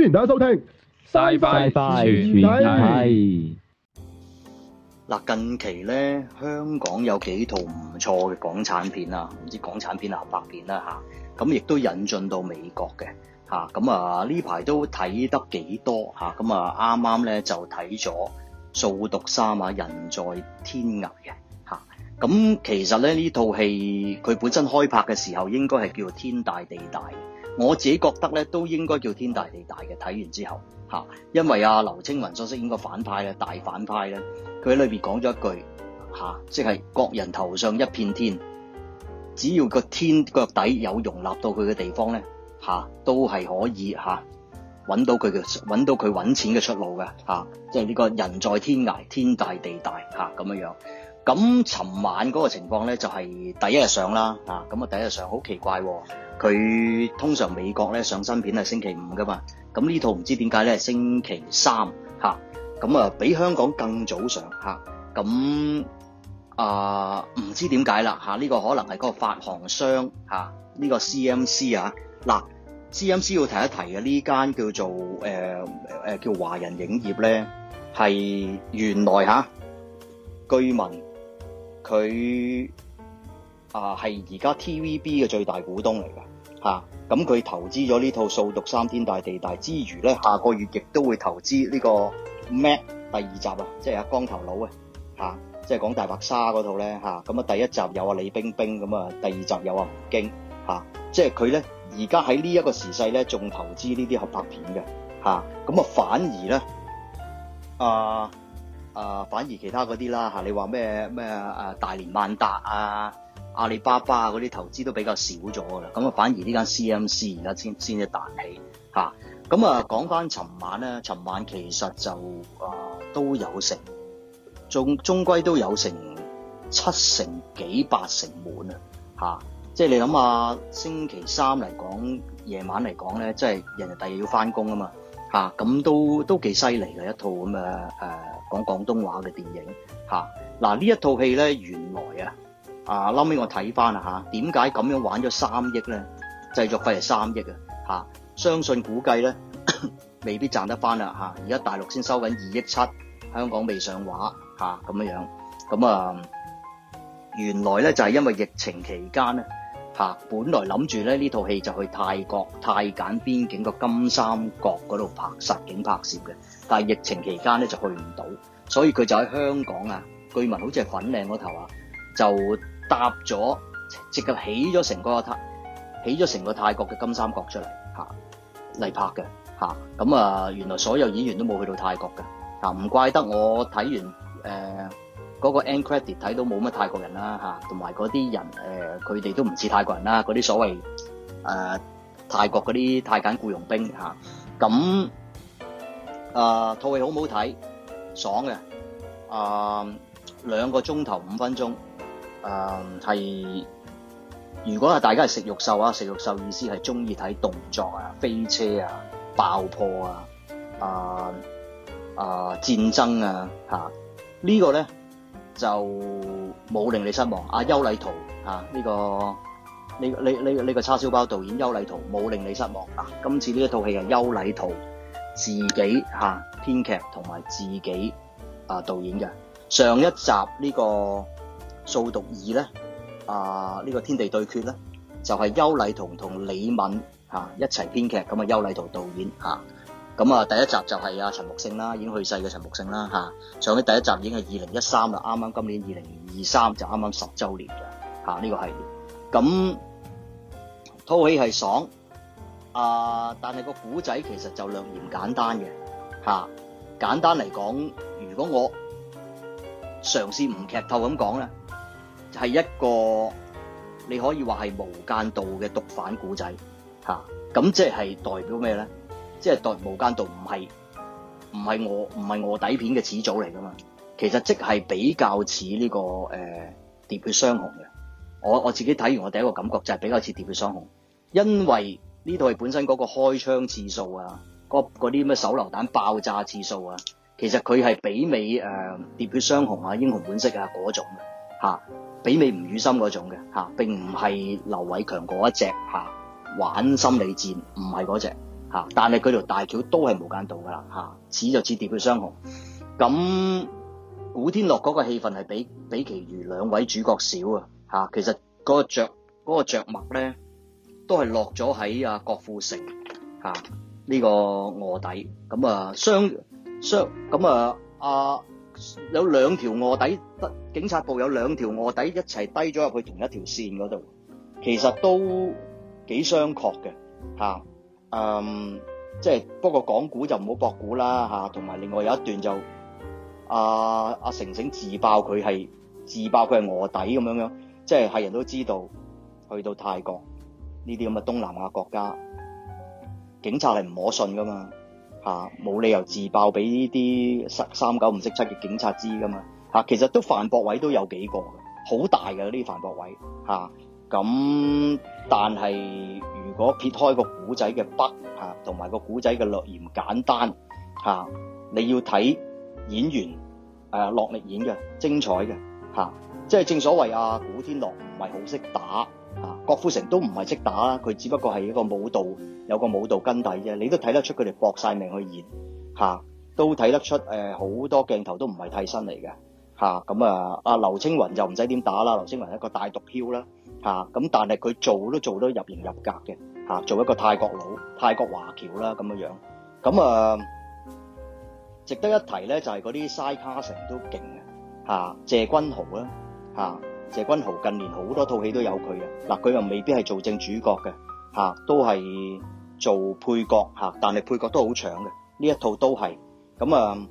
歡迎大家收聽，拜拜拜拜。嗱，近期咧，香港有幾套唔錯嘅港產片啊，唔知港產片啊，合拍片啦吓，咁亦都引進到美國嘅吓，咁啊呢排都睇得幾多吓，咁啊啱啱咧就睇咗《掃毒三》啊，剛剛《人在天涯》嘅。咁其實咧，呢套戲佢本身開拍嘅時候應該係叫天大地大。我自己覺得咧，都應該叫天大地大嘅。睇完之後，啊、因為阿、啊、劉青雲所飾演個反派咧，大反派咧，佢喺裏面講咗一句、啊、即係各人頭上一片天，只要個天腳底有容納到佢嘅地方咧、啊，都係可以嚇揾、啊、到佢嘅揾到佢揾錢嘅出路嘅、啊、即係呢個人在天涯，天大地大咁、啊、樣。咁尋晚嗰個情況咧，就係第一日上啦，咁啊第一日上好奇怪喎！佢通常美國咧上新片係星期五噶嘛，咁呢套唔知點解咧星期三嚇，咁啊比香港更早上嚇，咁啊唔知點解啦嚇，呢個可能係嗰個發行商嚇，呢個 C M C 啊，嗱 C M C 要提一提嘅呢間叫做、呃、叫華人影業咧，係原來嚇居民。啊佢啊，係而家 TVB 嘅最大股東嚟噶吓，咁、啊、佢投資咗呢套《掃毒三天大地大之餘呢》，之餘咧下個月亦都會投資呢個《Meg》第二集啊，即係阿光頭佬啊吓，即係講大白鯊嗰套咧吓，咁啊，啊第一集有啊李冰冰，咁啊第二集有啊吳京吓、啊，即係佢咧而家喺呢一個時勢咧，仲投資呢啲合拍片嘅吓，咁啊，啊反而咧啊。啊、呃，反而其他嗰啲啦，吓、啊、你話咩咩啊？大連萬達啊，阿里巴巴啊嗰啲投資都比較少咗噶啦，咁啊反而間啊啊啊呢間 CMC 而家先先至彈起吓，咁啊講翻尋晚咧，尋晚其實就啊都有成，終終歸都有成七成幾八成滿啊，吓、啊，即係你諗下星期三嚟講，夜晚嚟講咧，即係人哋第日要翻工啊嘛，吓、啊、咁、啊、都都幾犀利嘅一套咁嘅誒。啊啊講廣東話嘅電影吓，嗱、啊、呢一套戲咧原來啊，我看看啊後尾我睇翻啦吓，點解咁樣玩咗三億咧？製作費係三億啊，吓，相信估計咧未必賺得翻啦吓，而、啊、家大陸先收緊二億七，香港未上畫吓，咁、啊、樣樣，咁啊原來咧就係、是、因為疫情期間咧。拍，本來諗住咧呢套戲就去泰國泰柬邊境個金三角嗰度拍實景拍攝嘅，但係疫情期間咧就去唔到，所以佢就喺香港啊，據聞好似係粉嶺嗰頭啊，就搭咗即刻起咗成個塔，起咗成個泰國嘅金三角出嚟，吓，嚟拍嘅吓，咁啊原來所有演員都冇去到泰國嘅。啊唔怪得我睇完誒。呃嗰個 end credit 睇到冇乜泰國人啦嚇，同埋嗰啲人誒，佢哋都唔似泰國人啦，嗰啲所謂誒泰國嗰啲泰監僱傭兵嚇。咁誒套戲好唔好睇？爽嘅，誒兩個鐘頭五分鐘，誒係如果係大家係食肉獸啊，食肉獸意思係中意睇動作啊、飛車啊、爆破啊、啊啊戰爭啊嚇，呢個咧～就冇令你失望。阿邱禮濤吓，呢個呢呢呢個叉燒包導演邱禮濤冇令你失望。啊，今次呢一套戲係邱禮濤自己吓編劇同埋自己啊導演嘅。上一集個讀呢個《掃毒二》咧啊，呢、呢個天地對決咧就係邱禮濤同李敏吓、啊、一齊編劇，咁啊邱禮濤導演吓。啊咁啊，第一集就係阿陳木勝啦，已經去世嘅陳木勝啦吓。上邊第一集已經係二零一三啦，啱啱今年二零二三就啱啱十周年嘅吓。呢、這個系列，咁，套戲係爽啊、呃，但係個古仔其實就兩嫌簡單嘅吓、啊。簡單嚟講，如果我嘗試唔劇透咁講咧，係一個你可以話係無間道嘅毒販古仔吓。咁、啊、即係代表咩咧？即係《代無間道》，唔係唔係我唔係我底片嘅始祖嚟噶嘛？其實即係比較似呢個誒《喋血雙雄》嘅。我我自己睇完，我第一個感覺就係比較似《喋血雙雄》，因為呢套係本身嗰個開槍次數啊，嗰啲咩手榴彈爆炸次數啊，其實佢係媲美誒《喋血雙雄》啊、《英雄本色》啊嗰種嚇，媲美吳宇森嗰種嘅嚇、啊，並唔係劉偉強嗰一隻、啊、玩心理戰，唔係嗰隻。嚇！但係佢條大橋都係無間道噶啦嚇，似就似疊佢雙雄。咁古天樂嗰個戲份係比比其餘兩位主角少啊嚇。其實嗰個著嗰個著墨咧，都係落咗喺阿郭富城嚇呢個臥底。咁啊雙雙咁啊阿有兩條臥底，得警察部有兩條臥底一齊低咗入去同一條線嗰度，其實都幾相確嘅嚇。嗯，即係、um, 就是，不過講古就唔好博古啦，吓、啊，同埋另外有一段就阿阿成成自爆佢係自爆佢係卧底咁樣樣，即係係人都知道，去到泰國呢啲咁嘅東南亞國家，警察係唔可信噶嘛，吓、啊，冇理由自爆俾呢啲十三九唔識七嘅警察知噶嘛，吓、啊，其實都犯駁位都有幾個，好大嘅呢啲犯駁位，吓、啊，咁但係。我撇開個古仔嘅筆吓，同、啊、埋個古仔嘅略言簡單吓、啊，你要睇演員誒落、啊、力演嘅精彩嘅吓、啊，即係正所謂啊，古天樂唔係好識打吓、啊，郭富城都唔係識打啦，佢只不過係一個舞蹈有個舞蹈根底啫，你都睇得出佢哋搏晒命去演吓、啊，都睇得出誒好、啊、多鏡頭都唔係替身嚟嘅吓，咁啊阿劉、啊、青雲就唔使點打啦，劉青雲一個大毒梟啦吓，咁、啊啊、但係佢做都做得入型入格嘅。啊，做一個泰國佬、泰國華僑啦，咁樣樣咁啊，值得一提咧，就係嗰啲西卡城都勁嘅吓，謝君豪啦吓，謝君豪近年好多套戲都有佢嘅嗱，佢又未必係做正主角嘅吓，都係做配角吓，但係配角都好搶嘅，呢一套都係咁啊。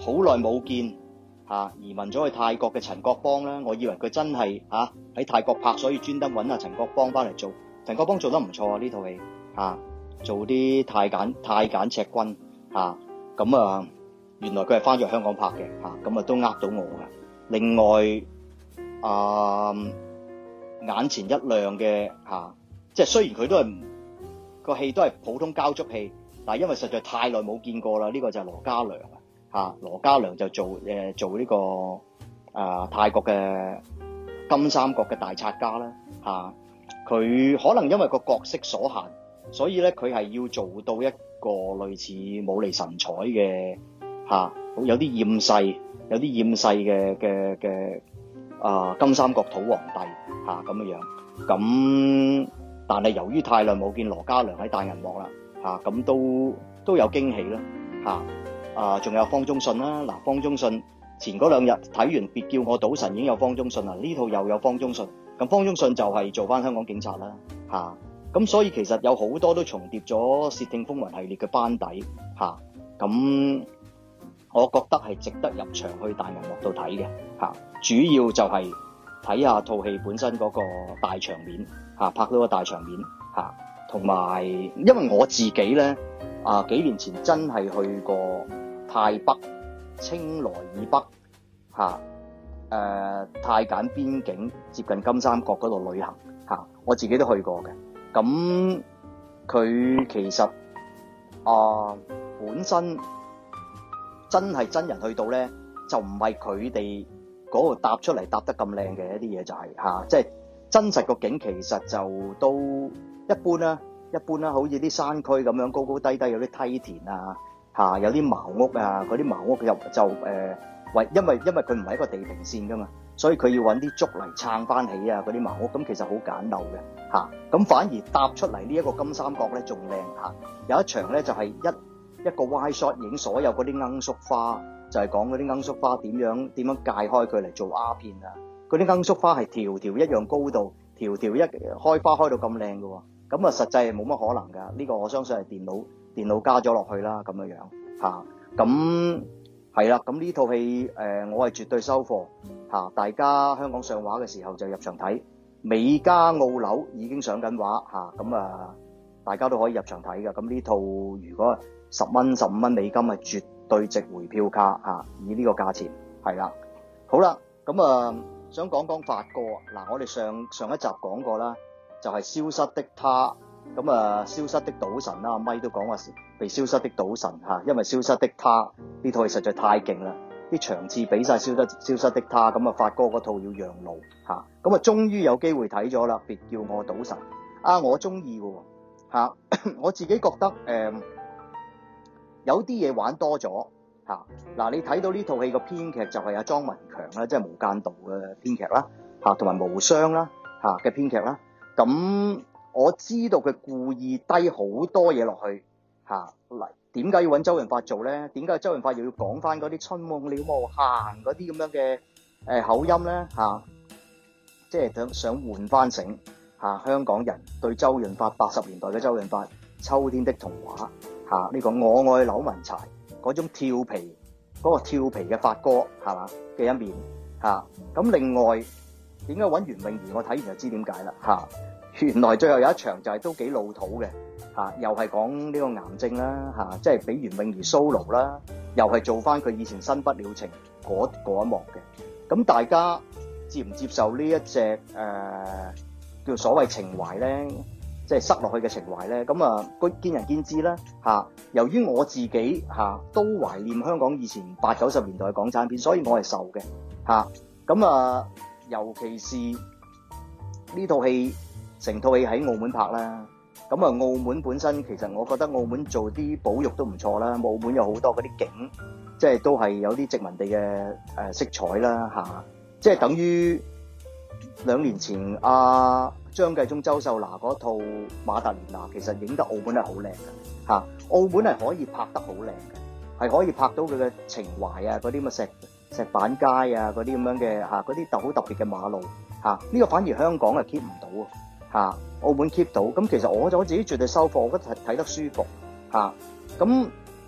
好耐冇見吓，移民咗去泰國嘅陳國邦啦，我以為佢真係吓喺泰國拍，所以專登揾下陳國邦翻嚟做。陳國邦做得唔錯啊！呢套戲嚇做啲太監太監赤軍嚇咁啊，原來佢係翻咗嚟香港拍嘅嚇，咁啊都呃到我噶。另外啊，眼前一亮嘅嚇，即係雖然佢都係個戲都係普通交足戲，但係因為實在太耐冇見過啦。呢個就係羅嘉良啊嚇，羅嘉良就做誒做呢個啊泰國嘅金三角嘅大拆家啦嚇。佢可能因為個角色所限，所以咧佢係要做到一個類似冇厘神采嘅吓，有啲厭世，有啲厭世嘅嘅嘅啊金三角土皇帝吓咁樣樣。咁但係由於太耐冇見羅嘉良喺大銀幕啦吓，咁、啊、都都有驚喜啦吓啊，仲、啊、有方中信啦嗱、啊，方中信前嗰兩日睇完別叫我賭神已經有方中信啦，呢套又有方中信。咁方中信就係做翻香港警察啦，吓、啊、咁所以其實有好多都重疊咗《竊聽風雲》系列嘅班底，吓、啊、咁我覺得係值得入場去大銀幕度睇嘅，吓、啊、主要就係睇下套戲本身嗰個大場面，吓、啊、拍到個大場面，吓同埋因為我自己咧，啊幾年前真係去過泰北、清萊以北，吓、啊。誒、呃，泰柬邊境接近金三角嗰度旅行吓、啊，我自己都去過嘅。咁佢其實啊，本身真係真人去到咧，就唔係佢哋嗰度搭出嚟搭得咁靚嘅一啲嘢就係、是、吓，即、啊、係、就是、真實個景其實就都一般啦、啊，一般啦、啊，好似啲山區咁樣高高低低有啲梯田啊，吓、啊、有啲茅屋啊，嗰啲茅屋就誒。就呃喂，因為因為佢唔係一個地平線噶嘛，所以佢要揾啲竹嚟撐翻起啊，嗰啲茅屋咁其實好簡陋嘅嚇，咁反而搭出嚟呢一個金三角咧仲靚嚇。有一場咧就係一一個 wide shot 影所有嗰啲罌粟花，就係講嗰啲罌粟花點樣點樣界開佢嚟做鴉片啊。嗰啲罌粟花係條條一樣高度，條條一開花開到咁靚嘅，咁啊實際係冇乜可能噶。呢個我相信係電腦電腦加咗落去啦咁樣樣嚇，咁。係啦，咁呢套戲誒、呃，我係絕對收貨吓，大家香港上畫嘅時候就入場睇美加澳紐，已經上緊畫吓，咁啊大家都可以入場睇㗎。咁呢套如果十蚊十五蚊美金啊，絕對值回票價吓，啊，以呢個價錢係啦。好啦，咁啊想講講發哥嗱，啊，我哋上上一集講過啦，就係、是、消失的她。咁啊，消失的賭神啦，阿咪都講話被消失的賭神吓，因為消失的他呢套戲實在太勁啦，啲場次俾晒消失消失的他，咁啊發哥嗰套要讓路吓，咁啊終於有機會睇咗啦，別叫我賭神啊，我中意嘅吓，我自己覺得誒、嗯，有啲嘢玩多咗吓，嗱、啊、你睇到呢套戲個編劇就係阿莊文強啦，即係無間道嘅編劇啦吓，同、啊、埋無雙啦吓嘅編劇啦，咁、啊。我知道佢故意低好多嘢落去吓。嗱，點解要揾周潤發做咧？點解周潤發又要講翻嗰啲春夢了無痕嗰啲咁樣嘅，誒口音咧吓，即係想想換翻醒吓香港人對周潤發八十年代嘅周潤發《秋天的童話》吓，呢個我愛扭紋柴嗰種跳皮嗰個跳皮嘅發哥係嘛嘅一面。咁，另外點解揾袁詠儀？我睇完就知點解啦吓原來最後有一場就係都幾老土嘅，嚇、啊，又係講呢個癌症啦，嚇、啊，即係俾袁詠儀 solo 啦、啊，又係做翻佢以前新不了情嗰一幕嘅。咁大家接唔接受這一隻、呃、呢一隻誒叫所謂情懷咧，即係塞落去嘅情懷咧？咁啊，佢見仁見智啦，嚇、啊。由於我自己嚇、啊、都懷念香港以前八九十年代嘅港產片，所以我係受嘅，嚇、啊。咁啊，尤其是呢套戲。成套戲喺澳門拍啦，咁啊，澳門本身其實我覺得澳門做啲保育都唔錯啦。澳門有好多嗰啲景，即係都係有啲殖民地嘅誒色彩啦嚇，即係等於兩年前阿張繼聰、周秀娜嗰套《馬達蓮娜》，其實影得澳門係好靚嘅嚇。澳門係可以拍得好靚嘅，係可以拍到佢嘅情懷啊，嗰啲乜石石板街啊，嗰啲咁樣嘅嚇，嗰啲特好特別嘅馬路嚇。呢個反而香港係 keep 唔到啊。啊！澳門 keep 到咁，其實我就自己絕對收貨，我覺得睇得舒服。嚇、啊！咁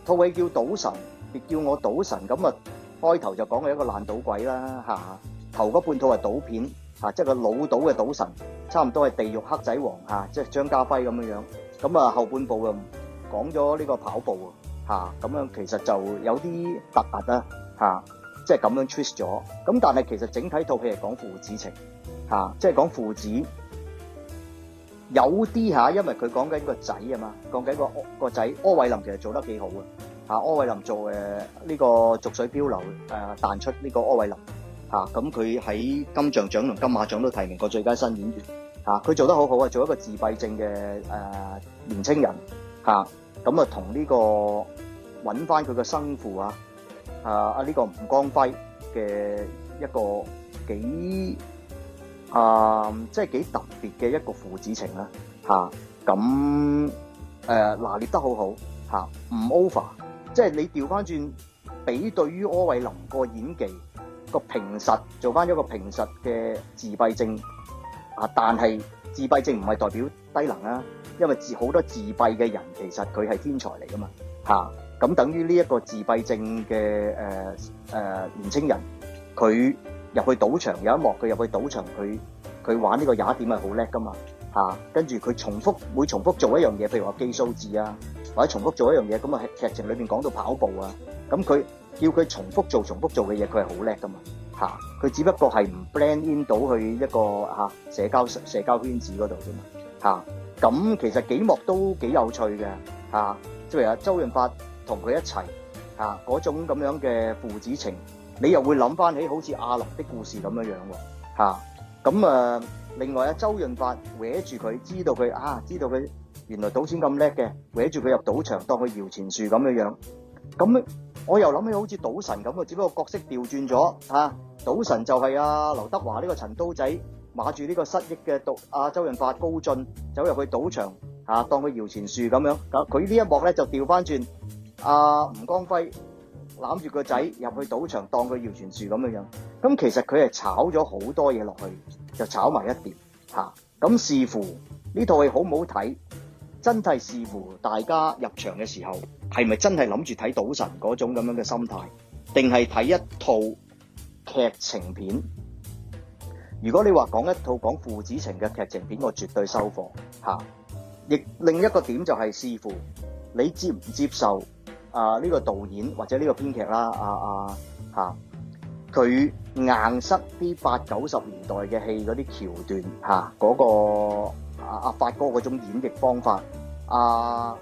套戲叫賭神，別叫我賭神。咁啊，開頭就講嘅一個爛賭鬼啦。嚇、啊！頭嗰半套係賭片，嚇、啊，即係個老賭嘅賭神，差唔多係地獄黑仔王嚇、啊，即係張家輝咁樣咁啊，後半部又講咗呢個跑步啊，咁、啊、樣其實就有啲突兀啦、啊，即係咁樣 twist 咗。咁、啊、但係其實整體套戲係講父子情嚇、啊，即係講父子。有啲下，因為佢講緊個仔啊嘛，講緊個仔柯偉林其實做得幾好啊，嚇，柯偉林做誒呢個濁水漂流誒彈出呢個柯偉林嚇，咁佢喺金像獎同金馬獎都提名過最佳新演員嚇，佢、啊、做得好好啊，做一個自閉症嘅誒年青人嚇，咁啊同呢、呢個揾翻佢嘅生父啊，啊啊呢個吳光輝嘅一個幾。啊，即係幾特別嘅一個父子情啦，啊，吓，咁誒拿捏得好好吓，唔、啊、over，即係你調翻轉比對於柯煒林個演技個平實，做翻一個平實嘅自閉症啊，但係自閉症唔係代表低能啊，因為自好多自閉嘅人其實佢係天才嚟噶嘛，吓、啊、咁等於呢一個自閉症嘅誒誒年青人佢。入去賭場有一幕，佢入去賭場，佢佢玩呢個雅典係好叻噶嘛，吓、啊，跟住佢重複會重複做一樣嘢，譬如話記數字啊，或者重複做一樣嘢，咁啊喺劇情裏邊講到跑步啊，咁佢叫佢重複做重複做嘅嘢，佢係好叻噶嘛，吓、啊，佢只不過係唔 blend in 到去一個吓、啊、社交社交圈子嗰度啫嘛，吓、啊，咁、啊、其實幾幕都幾有趣嘅，吓、啊，即係阿周潤發同佢一齊吓嗰種咁樣嘅父子情。你又會諗翻起好似阿樂的故事咁樣樣喎，嚇咁啊！另外啊，周潤發搲住佢，知道佢啊，知道佢原來賭錢咁叻嘅，搲住佢入賭場當佢搖錢樹咁樣樣。咁我又諗起好似賭神咁喎，只不過角色調轉咗嚇。賭神就係阿劉德華呢個陳刀仔，馬住呢個失憶嘅獨阿周潤發高進走入去賭場嚇當佢搖錢樹咁樣。佢呢一幕咧就調翻轉阿吳光輝。攬住個仔入去賭場當個搖錢樹咁樣樣，咁其實佢係炒咗好多嘢落去，就炒埋一碟吓。咁、啊、視乎呢套戲好唔好睇，真係視乎大家入場嘅時候係咪真係諗住睇賭神嗰種咁樣嘅心態，定係睇一套劇情片。如果你話講一套講父子情嘅劇情片，我絕對收貨吓。亦、啊、另一個點就係、是、視乎你接唔接受。啊！呢、這個導演或者呢個編劇啦，阿阿嚇，佢、啊、硬塞啲八九十年代嘅戲嗰啲橋段嚇，嗰、啊那個阿阿、啊、發哥嗰種演繹方法，阿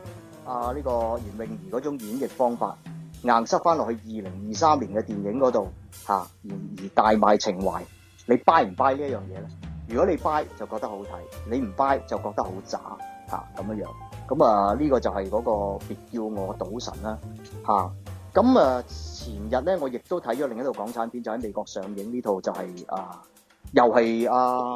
阿呢個袁詠儀嗰種演繹方法，硬塞翻落去二零二三年嘅電影嗰度嚇，而、啊、然而大賣情懷，你 buy 唔 buy 呢一樣嘢咧？如果你 buy 就覺得好睇，你唔 buy 就覺得好渣嚇咁樣樣。咁啊，呢、這個就係嗰個別叫我賭神啦、啊，吓、啊！咁啊，前日咧，我亦都睇咗另一套港產片，就喺、是、美國上映呢套就係、是、啊，又係啊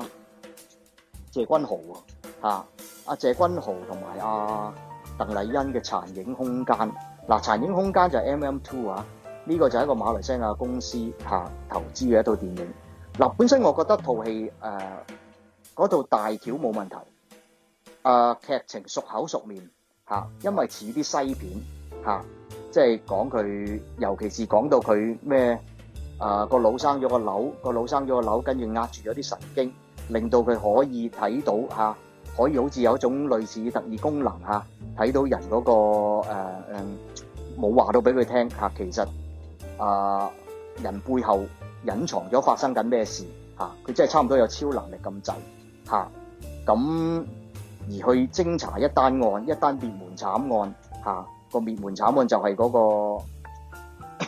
謝君豪啊，吓、啊，阿謝君豪同埋阿鄧麗欣嘅《殘影空間》啊。嗱，《殘影空間》就係 MM Two 啊，呢、啊這個就係一個馬來西亞公司吓、啊、投資嘅一套電影。嗱、啊，本身我覺得套戲誒，嗰、啊、套大橋冇問題。啊，劇情熟口熟面、啊、因為似啲西片、啊、即係講佢，尤其是講到佢咩啊個腦生咗個瘤，個腦生咗個瘤，跟住壓住咗啲神經，令到佢可以睇到、啊、可以好似有一種類似特異功能睇、啊、到人嗰、個誒誒冇話到俾佢聽其實啊人背後隱藏咗發生緊咩事佢、啊、真係差唔多有超能力咁滯咁。啊而去偵查一單案，一單滅門慘案嚇，個、啊、滅門慘案就係嗰、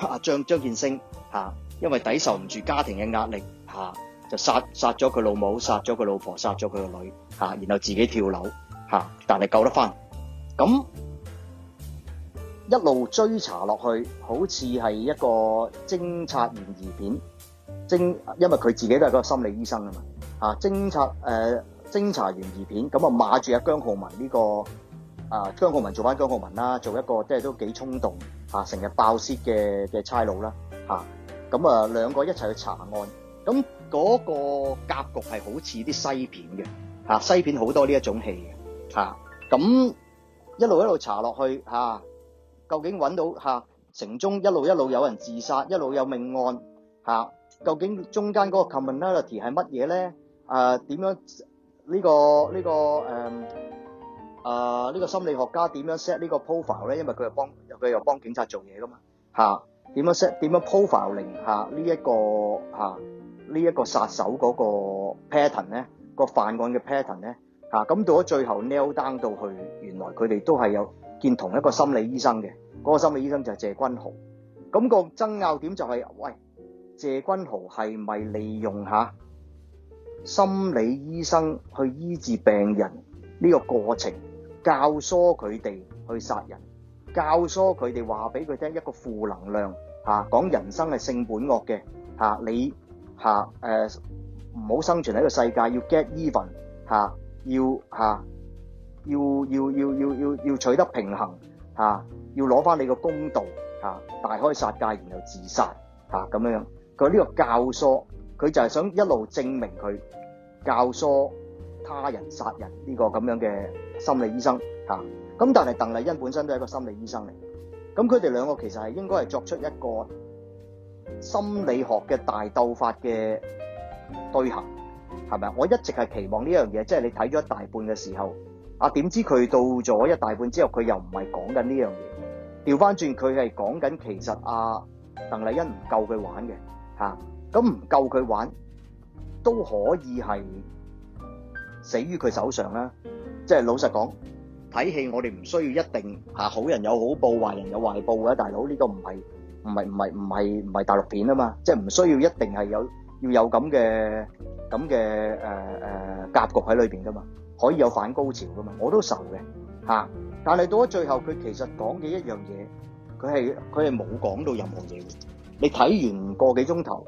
那個張張建升嚇、啊，因為抵受唔住家庭嘅壓力嚇、啊，就殺殺咗佢老母，殺咗佢老婆，殺咗佢個女嚇、啊，然後自己跳樓嚇、啊，但係救得翻，咁一路追查落去，好似係一個偵察懸疑片，偵因為佢自己都係個心理醫生啊嘛嚇，偵察誒。呃偵查懸疑片咁啊，孖住阿姜浩文呢、這個啊，姜浩文做翻姜浩文啦，做一個即係都幾衝動嚇，成、啊、日爆竊嘅嘅差佬啦嚇。咁啊，兩個一齊去查案，咁嗰個格局係好似啲西片嘅嚇、啊，西片好多呢一種戲嚇。咁、啊、一路一路查落去嚇、啊，究竟揾到嚇、啊、城中一路一路有人自殺，一路有命案嚇、啊，究竟中間嗰個 commonality 係乜嘢咧？啊，點樣？呢個呢個，誒啊，呢個心理學家點樣 set 呢個 profile 咧？因為佢又幫佢又幫警察做嘢㗎嘛嚇。點樣 set，點樣 profile 令下呢一個嚇，呢一個殺手嗰個 pattern 咧？個犯案嘅 pattern 咧嚇。咁到咗最後 nail down 到去，原來佢哋都係有見同一個心理醫生嘅。嗰個心理醫生就係謝君豪。咁個爭拗點就係：喂，謝君豪係咪利用嚇？心理醫生去醫治病人呢個過程，教唆佢哋去殺人，教唆佢哋話俾佢聽一個負能量嚇、啊，講人生係性本惡嘅嚇、啊，你嚇誒唔好生存喺個世界，要 get even 嚇、啊，要嚇、啊、要要要要要要取得平衡嚇、啊，要攞翻你個公道嚇、啊，大開殺戒然後自殺嚇咁樣樣，佢呢個教唆。佢就係想一路證明佢教唆他人殺人呢個咁樣嘅心理醫生嚇，咁但係鄧麗欣本身都係一個心理醫生嚟，咁佢哋兩個其實係應該係作出一個心理學嘅大鬥法嘅對衡，係咪啊？我一直係期望呢一樣嘢，即係你睇咗一大半嘅時候，啊點知佢到咗一大半之後，佢又唔係講緊呢樣嘢，調翻轉佢係講緊其實啊鄧麗欣唔夠佢玩嘅嚇。咁唔夠佢玩都可以係死於佢手上啦！即係老實講，睇戲我哋唔需要一定吓好人有好報，壞人有壞報噶，大佬呢個唔係唔係唔係唔係唔係大陸片啊嘛！即係唔需要一定係有要有咁嘅咁嘅誒誒格局喺裏邊噶嘛，可以有反高潮噶嘛，我都受嘅吓。但係到咗最後，佢其實講嘅一樣嘢，佢係佢係冇講到任何嘢嘅。你睇完個幾鐘頭。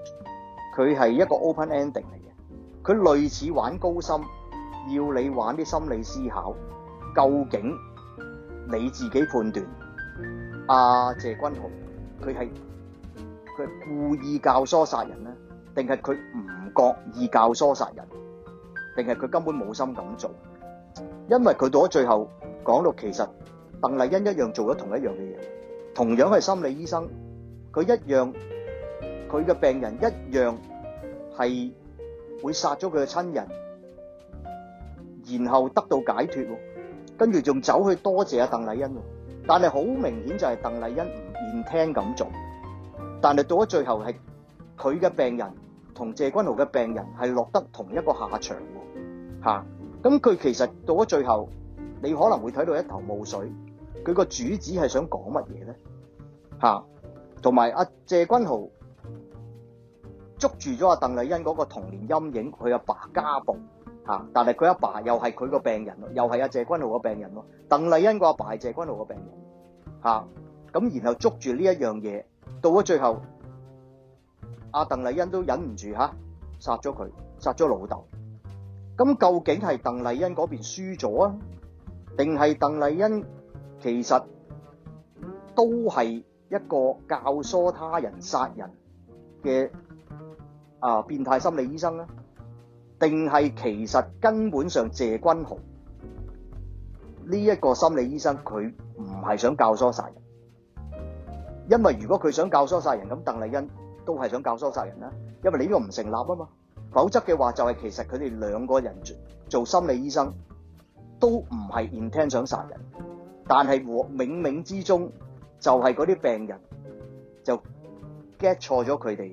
佢係一個 open ending 嚟嘅，佢類似玩高深，要你玩啲心理思考。究竟你自己判斷，阿謝君豪佢係佢係故意教唆殺人咧，定係佢唔覺意教唆殺人，定係佢根本冇心咁做？因為佢到咗最後講到，其實鄧麗欣一樣做咗同一樣嘅嘢，同樣係心理醫生，佢一樣。佢嘅病人一樣係會殺咗佢嘅親人，然後得到解脫喎。跟住仲走去多謝阿鄧麗欣喎，但係好明顯就係鄧麗欣唔願聽咁做。但係到咗最後係佢嘅病人同謝君豪嘅病人係落得同一個下場喎。嚇咁佢其實到咗最後，你可能會睇到一頭霧水。佢個主旨係想講乜嘢咧？嚇，同埋阿謝君豪。捉住咗阿鄧麗欣嗰個童年陰影，佢阿爸家暴嚇，但係佢阿爸又係佢個病人又係阿謝君豪個病人咯，鄧麗欣個阿爸係謝君豪個病人嚇，咁然後捉住呢一樣嘢到咗最後，阿鄧麗欣都忍唔住吓，殺咗佢，殺咗老豆。咁究竟係鄧麗欣嗰邊輸咗啊，定係鄧麗欣其實都係一個教唆他人殺人嘅？啊！變態心理醫生呢，定係其實根本上謝君豪呢一個心理醫生，佢唔係想教唆殺人，因為如果佢想教唆殺人，咁鄧麗欣都係想教唆殺人啦。因為你呢個唔成立啊嘛，否則嘅話就係其實佢哋兩個人做做心理醫生都唔係 intent 想殺人，但係冥冥之中就係嗰啲病人就 get 錯咗佢哋。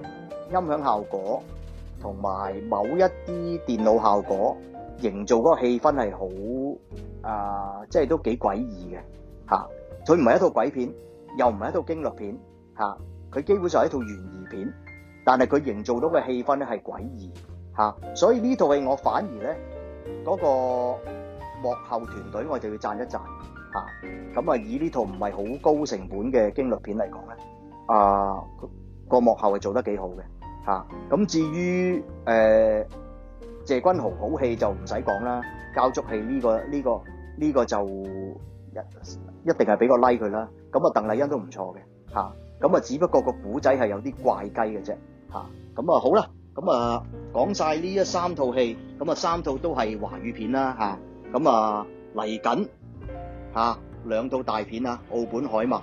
音響效果同埋某一啲電腦效果，營造嗰個氣氛係好、呃、啊，即係都幾詭異嘅嚇。佢唔係一套鬼片，又唔係一套驚慄片嚇。佢、啊、基本上係一套懸疑片，但係佢營造到嘅氣氛咧係詭異嚇、啊。所以呢套戲我反而咧嗰、嗰個幕後團隊我就要讚一讚嚇。咁啊，這以呢套唔係好高成本嘅驚慄片嚟講咧，啊、嗰個幕後係做得幾好嘅。嚇。咁至於誒，謝君豪好戲就唔使講啦，交足戲，呢個呢個呢個就一一定係俾個 like 佢啦。咁啊，鄧麗欣都唔錯嘅嚇。咁啊，只不過個故仔係有啲怪雞嘅啫嚇。咁啊，好啦，咁啊講晒呢一三套戲，咁啊三套都係華語片啦嚇。咁啊嚟緊嚇兩套大片啊，《奧本海默》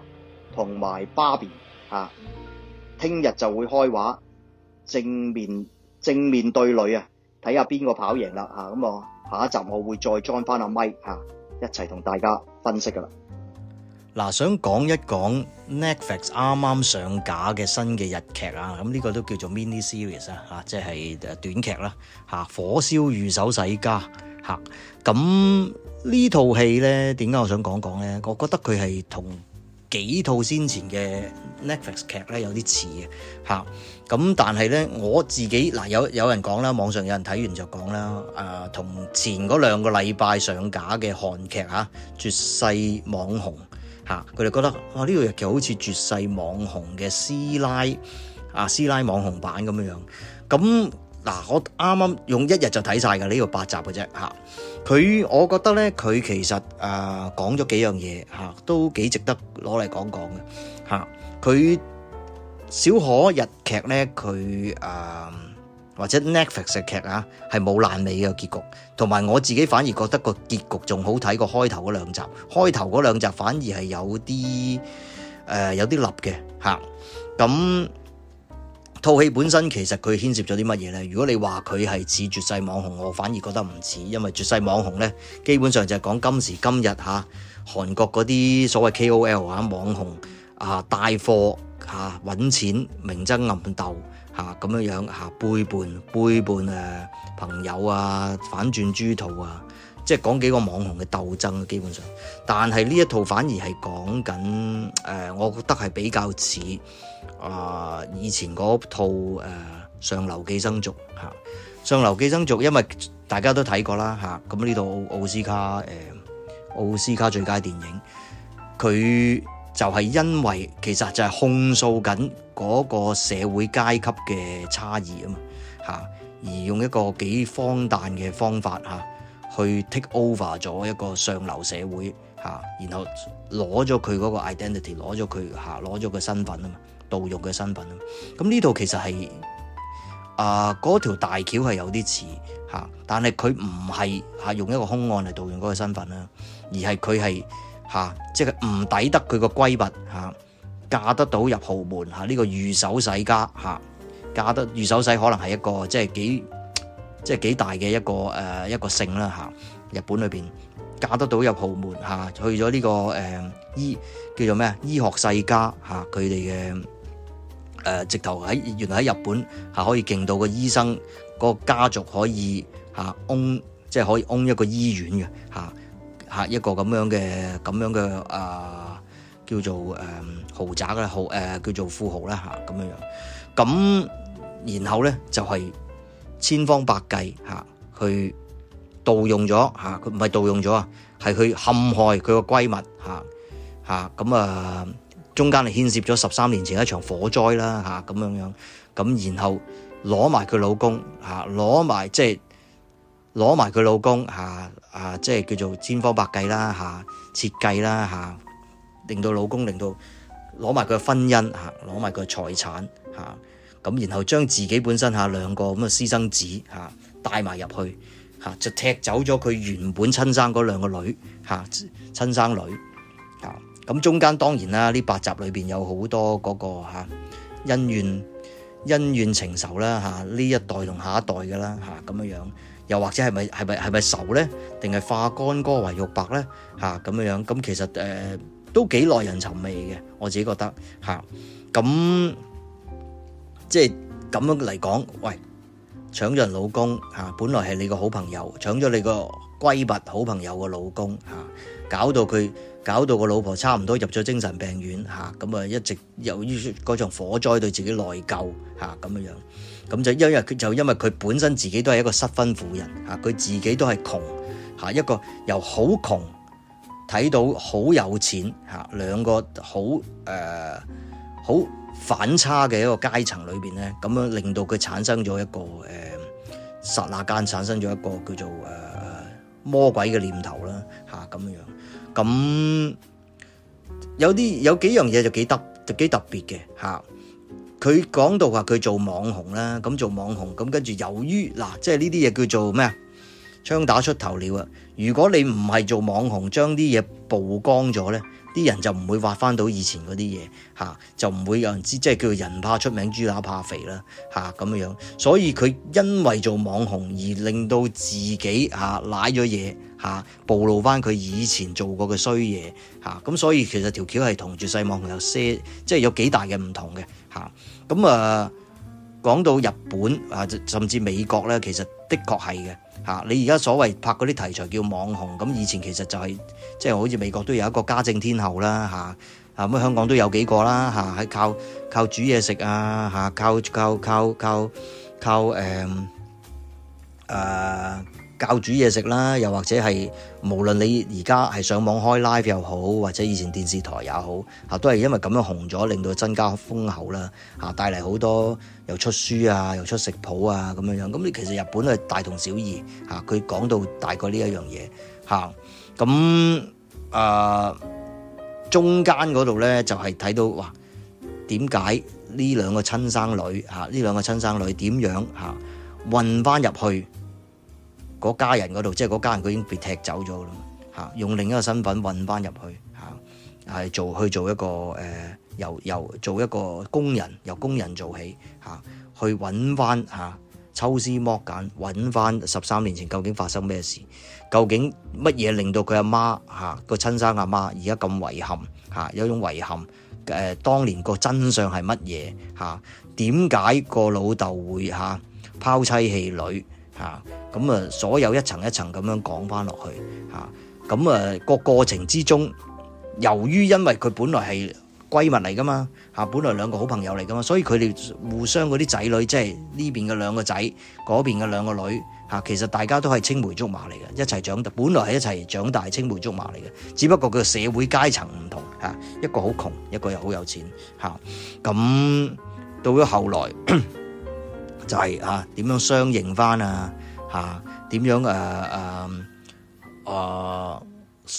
同埋《芭比》嚇，聽日就會開畫。正面正面對壘啊！睇下邊個跑贏啦嚇！咁我下一集我會再裝返阿咪，翻一齊同大家分析噶啦。嗱，想講一講 Netflix 啱啱上架嘅新嘅日劇啊，咁、這、呢個都叫做 mini series 啦嚇，即係短劇啦嚇。《火燒御手洗家》咁呢套戲咧點解我想講講咧？我覺得佢係同幾套先前嘅 Netflix 劇咧有啲似嘅吓，咁但係咧我自己嗱有有人講啦，網上有人睇完就講啦，同前嗰兩個禮拜上架嘅韓劇《絕世網紅》，佢哋覺得哇呢套劇好似《絕世網紅》嘅師奶啊，師奶網紅版咁樣樣，咁。嗱，我啱啱用一日就睇晒嘅呢個八集嘅啫嚇，佢我覺得咧，佢其實誒講咗幾樣嘢嚇，都幾值得攞嚟講講嘅嚇。佢小可日劇咧，佢誒、呃、或者 Netflix 嘅劇啊，係冇爛尾嘅結局，同埋我自己反而覺得個結局仲好睇過開頭嗰兩集，開頭嗰兩集反而係有啲誒、呃、有啲立嘅嚇，咁、啊。套戲本身其實佢牽涉咗啲乜嘢呢？如果你話佢係似絕世網紅，我反而覺得唔似，因為絕世網紅呢，基本上就係講今時今日吓韓國嗰啲所謂 KOL 啊，網紅啊，帶貨吓，揾錢明爭暗鬥，吓咁樣樣，吓背叛、背叛誒朋友啊反轉豬肚啊！即係講幾個網紅嘅鬥爭嘅基本上，但係呢一套反而係講緊誒，我覺得係比較似啊以前嗰套誒、啊《上流寄生族》嚇、啊，《上流寄生族》因為大家都睇過啦嚇，咁、啊、呢套奧斯卡誒、啊、奧斯卡最佳電影，佢就係因為其實就係控訴緊嗰個社會階級嘅差異啊嘛嚇，而用一個幾荒誕嘅方法嚇。啊去 take over 咗一個上流社會嚇，然後攞咗佢嗰個 identity，攞咗佢嚇，攞咗個身份啊嘛，盜用嘅身份啊。咁呢度其實係啊，嗰、呃、條大橋係有啲似嚇，但係佢唔係嚇用一個凶案嚟盜用嗰個身份啦，而係佢係嚇，即係唔抵得佢個閨蜜嚇嫁得到入豪門嚇，呢、這個御手洗家嚇嫁得御手洗可能係一個即係幾。即係幾大嘅一個誒一個姓啦，日本裏面嫁得到入豪門去咗呢個誒醫叫做咩啊？醫學世家嚇，佢哋嘅誒直頭喺原來喺日本、啊、可以勁到個醫生、個家族可以嚇、啊、即係可以 own 一個醫院嘅、啊、一個咁樣嘅咁樣嘅啊叫做誒豪宅啦豪誒叫做富豪啦嚇，咁樣樣咁然後咧就係。千方百計嚇，去盜用咗嚇，佢唔係盜用咗啊，係佢陷害佢個閨蜜嚇嚇，咁啊中間係牽涉咗十三年前的一場火災啦嚇，咁樣樣，咁然後攞埋佢老公嚇，攞埋即係攞埋佢老公嚇啊，即係叫做千方百計啦嚇，設計啦嚇，令到老公令到攞埋佢嘅婚姻嚇，攞埋佢嘅財產嚇。咁，然後將自己本身吓兩個咁嘅私生子吓帶埋入去吓，就踢走咗佢原本親生嗰兩個女吓，親生女吓。咁、啊、中間當然啦，呢八集裏邊有好多嗰、那個吓、啊、恩怨恩怨情仇啦吓，呢、啊、一代同下一代嘅啦吓，咁、啊、樣樣，又或者係咪係咪係咪仇咧？定係化干戈為玉帛咧？吓咁樣樣，咁其實誒、呃、都幾耐人尋味嘅，我自己覺得吓咁。啊即係咁樣嚟講，喂，搶咗人老公本來係你個好朋友，搶咗你個閨蜜、好朋友個老公搞到佢，搞到個老婆差唔多入咗精神病院吓，咁啊一直由於嗰場火災對自己內疚吓咁樣樣，咁就因為佢就因為佢本身自己都係一個失婚婦人吓，佢自己都係窮吓，一個由好窮睇到好有錢吓，兩個好誒好。呃很反差嘅一個階層裏邊咧，咁樣令到佢產生咗一個誒，剎、啊、那間產生咗一個叫做誒、啊、魔鬼嘅念頭啦，吓、啊、咁樣。咁有啲有幾樣嘢就幾特，就幾特別嘅吓。佢、啊、講到話佢做網紅啦，咁做網紅，咁跟住由於嗱、啊，即係呢啲嘢叫做咩啊？槍打出頭鳥啊！如果你唔係做網紅，將啲嘢曝光咗咧。啲人就唔會挖翻到以前嗰啲嘢，就唔會有人知，即係叫人怕出名豬乸怕肥啦咁樣。所以佢因為做網紅而令到自己奶咗嘢，暴露翻佢以前做過嘅衰嘢咁，所以其實條橋係同絕世網紅有些即係有幾大嘅唔同嘅。咁啊講到日本啊甚至美國咧，其實的確係嘅。嚇！你而家所謂拍嗰啲題材叫網紅，咁以前其實就係、即係好似美國都有一個家政天后啦嚇，啊咁香港都有幾個啦嚇，喺靠靠煮嘢食啊嚇，靠靠靠靠靠誒誒。教煮嘢食啦，又或者係無論你而家係上網開 live 又好，或者以前電視台也好，嚇都係因為咁樣紅咗，令到增加風口啦，嚇帶嚟好多又出書啊，又出食譜啊咁樣樣。咁你其實日本都係大同小異嚇，佢講到大概呢一樣嘢嚇，咁啊、呃、中間嗰度咧就係睇到哇，點解呢兩個親生女嚇呢兩個親生女點樣嚇運翻入去？嗰家人嗰度，即係嗰家人佢已經被踢走咗啦，用另一個身份運翻入去，做去做一個、呃、由由做一個工人，由工人做起，去揾翻、啊、抽絲剝繭揾翻十三年前究竟發生咩事？究竟乜嘢令到佢阿媽個親生阿媽而家咁遺憾？有、啊、種遺憾誒、啊，當年個真相係乜嘢？點解個老豆會嚇、啊、拋妻棄女？啊，咁啊，所有一層一層咁樣講翻落去，啊，咁啊個過程之中，由於因為佢本來係閨蜜嚟㗎嘛，嚇、啊，本來兩個好朋友嚟㗎嘛，所以佢哋互相嗰啲仔女，即係呢邊嘅兩個仔，嗰邊嘅兩個女，嚇、啊，其實大家都係青梅竹馬嚟嘅，一齊長大，本來係一齊長大青梅竹馬嚟嘅，只不過佢個社會階層唔同，嚇、啊，一個好窮，一個又好有錢，嚇、啊，咁到咗後來。就係、是、啊，點樣相認翻啊？嚇，點樣誒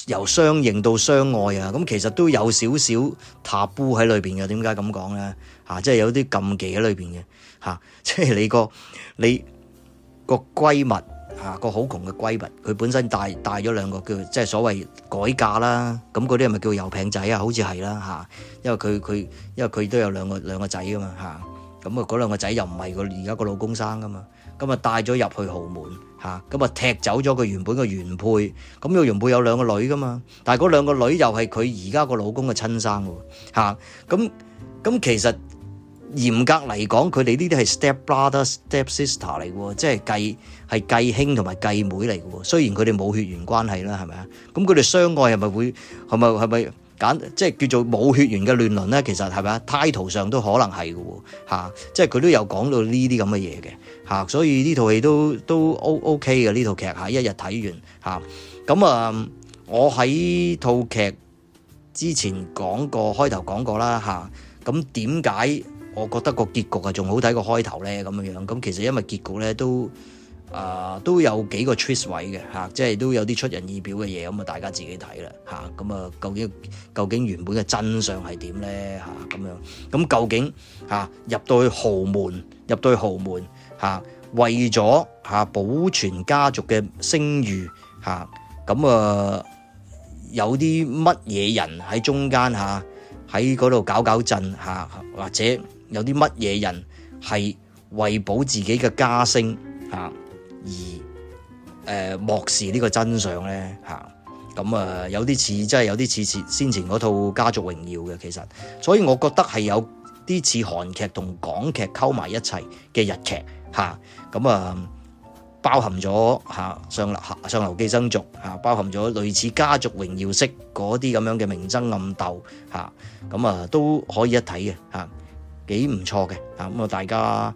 由相認到相愛啊？咁其實都有少少 t a 喺裏邊嘅。點解咁講咧？嚇，即係有啲禁忌喺裏邊嘅。嚇，即係你、那個你個閨蜜嚇，那個好窮嘅閨蜜，佢本身帶帶咗兩個叫即係所謂改嫁啦。咁嗰啲係咪叫油餅仔啊？好似係啦，因為佢佢因佢都有兩個仔噶嘛。咁啊，嗰兩個仔又唔係佢而家個老公生噶嘛？咁啊，帶咗入去豪門嚇，咁啊踢走咗佢原本個原配，咁個原配有兩個女噶嘛？但係嗰兩個女又係佢而家個老公嘅親生喎嚇，咁咁其實嚴格嚟講，佢哋呢啲係 step brother、step sister 嚟喎，即係繼係繼兄同埋繼妹嚟嘅喎。雖然佢哋冇血緣關係啦，係咪啊？咁佢哋相愛係咪會係咪係咪？簡即係叫做冇血緣嘅亂倫咧，其實係咪啊？胎圖上都可能係嘅喎，嚇！即係佢都有講到呢啲咁嘅嘢嘅嚇，所以呢套戲都都 O O K 嘅呢套劇嚇，一日睇完嚇。咁啊，我喺套劇之前講過開頭講過啦嚇。咁點解我覺得個結局啊仲好睇過開頭咧？咁樣樣咁其實因為結局咧都。啊，都有幾個 choice 位嘅嚇，即係都有啲出人意表嘅嘢，咁啊大家自己睇啦嚇。咁啊，究竟究竟原本嘅真相係點咧嚇？咁樣咁究竟嚇入到去豪門，入到去豪門嚇，為咗嚇保存家族嘅聲譽嚇，咁啊有啲乜嘢人喺中間嚇，喺嗰度搞搞震嚇，或者有啲乜嘢人係為保自己嘅家聲嚇？而誒漠、呃、視呢個真相咧嚇，咁啊有啲似真係有啲似前先前嗰套《家族榮耀》嘅其實，所以我覺得係有啲似韓劇同港劇溝埋一齊嘅日劇嚇，咁啊包含咗嚇上流上流寄生族嚇，包含咗、啊啊、類似《家族榮耀》式嗰啲咁樣嘅明爭暗鬥嚇，咁啊，啊都可以一睇嘅嚇，幾唔錯嘅嚇，咁啊大家。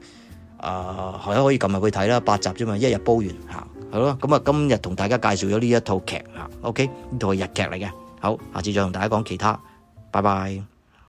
誒，後生、uh, 可以撳入去睇啦，八集啫嘛，一日煲完，好係咯。咁啊，今日同大家介紹咗呢一套劇，OK，呢套係日劇嚟嘅。好，下次再同大家講其他，拜拜。